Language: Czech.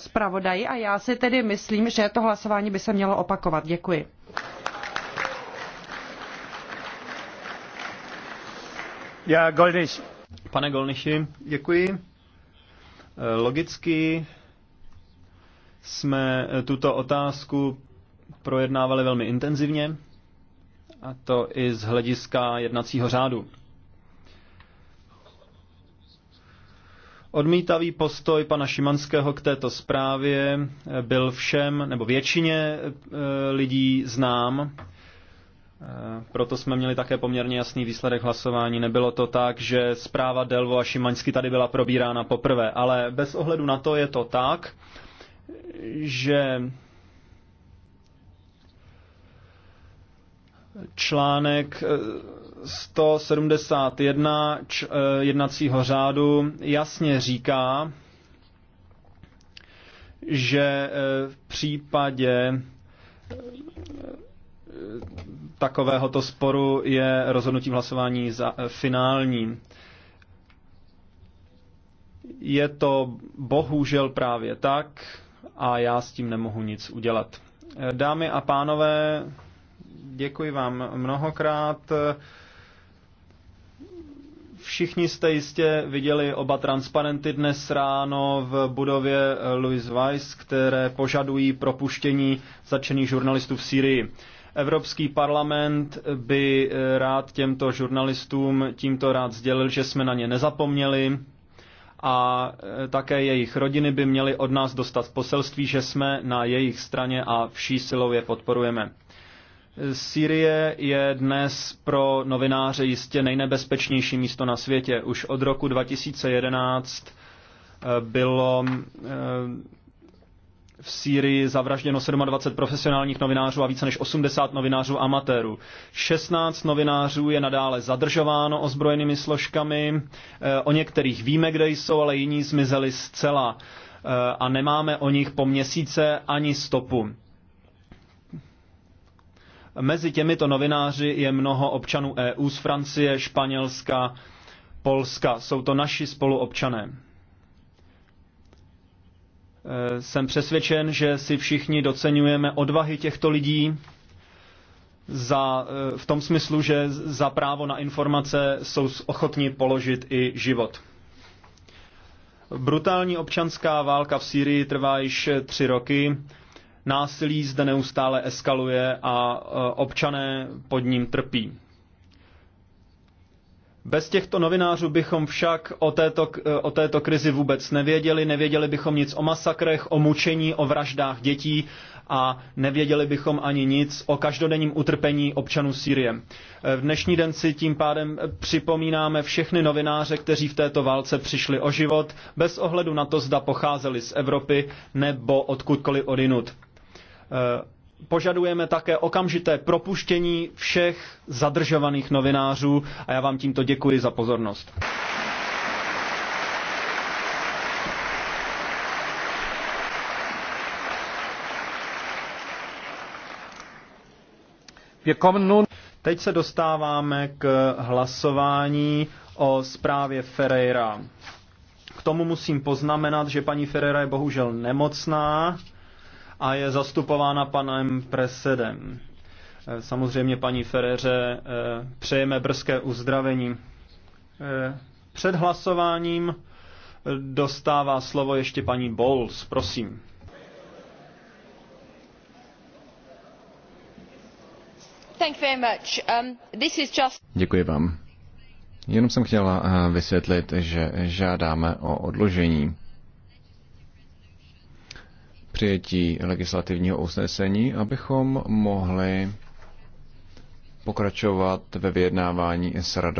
zpravodaji a já si tedy myslím, že to hlasování by se mělo opakovat. Děkuji. Já, Golniš. Pane Golniši, děkuji. Logicky jsme tuto otázku projednávali velmi intenzivně, a to i z hlediska jednacího řádu. Odmítavý postoj pana Šimanského k této zprávě eh, byl všem, nebo většině eh, lidí znám. Eh, proto jsme měli také poměrně jasný výsledek hlasování. Nebylo to tak, že zpráva Delvo a Šimaňsky tady byla probírána poprvé, ale bez ohledu na to je to tak, že článek 171 eh, č, eh, jednacího řádu jasně říká, že eh, v případě takovéhoto sporu je rozhodnutí v hlasování za, finální. Je to bohužel právě tak a já s tím nemohu nic udělat. Dámy a pánové, Děkuji vám mnohokrát. Všichni jste jistě viděli oba transparenty dnes ráno v budově Louis Weiss, které požadují propuštění začených žurnalistů v Sýrii. Evropský parlament by rád těmto žurnalistům tímto rád sdělil, že jsme na ně nezapomněli a také jejich rodiny by měly od nás dostat poselství, že jsme na jejich straně a vší silou je podporujeme. Sýrie je dnes pro novináře jistě nejnebezpečnější místo na světě. Už od roku 2011 eh, bylo eh, v Sýrii zavražděno 27 profesionálních novinářů a více než 80 novinářů amatérů. 16 novinářů je nadále zadržováno ozbrojenými složkami. Eh, o některých víme, kde jsou, ale jiní zmizeli zcela a nemáme o nich po měsíce ani stopu. Mezi těmito novináři je mnoho občanů EU z Francie, Španělska, Polska. Jsou to naši spoluobčané. E, jsem přesvědčen, že si všichni docenujeme odvahy těchto lidí za, e, v tom smyslu, že za právo na informace jsou ochotní položit i život. Brutální občanská válka v Sýrii trvá již tři roky Násilí zde neustále eskaluje a e, občané pod ním trpí. Bez těchto novinářů bychom však o této, e, o této krizi vůbec nevěděli, nevěděli bychom nic o masakrech, o mučení, o vraždách dětí a nevěděli bychom ani nic o každodenním utrpení občanů Sýrie. E, v dnešní den si tím pádem připomínáme všechny novináře, kteří v této válce přišli o život, bez ohledu na to, zda pocházeli z Evropy nebo odkudkoliv odinut. Eh, požadujeme také okamžité propuštění všech zadržovaných novinářů a já vám tímto děkuji za pozornost. Teď se dostáváme k hlasování o zprávě Ferreira. K tomu musím poznamenat, že paní Ferreira je bohužel nemocná a je zastupována panem Presedem. Eh, samozřejmě paní Ferreře eh, přejeme brzké uzdravení. Eh, před hlasováním dostává slovo ještě paní Bowles, prosím. Um, Děkuji vám. Jenom jsem chtěla vysvětlit, že žádáme o odložení přijetí legislativního usnesení, abychom mohli pokračovat ve vyjednávání s radou.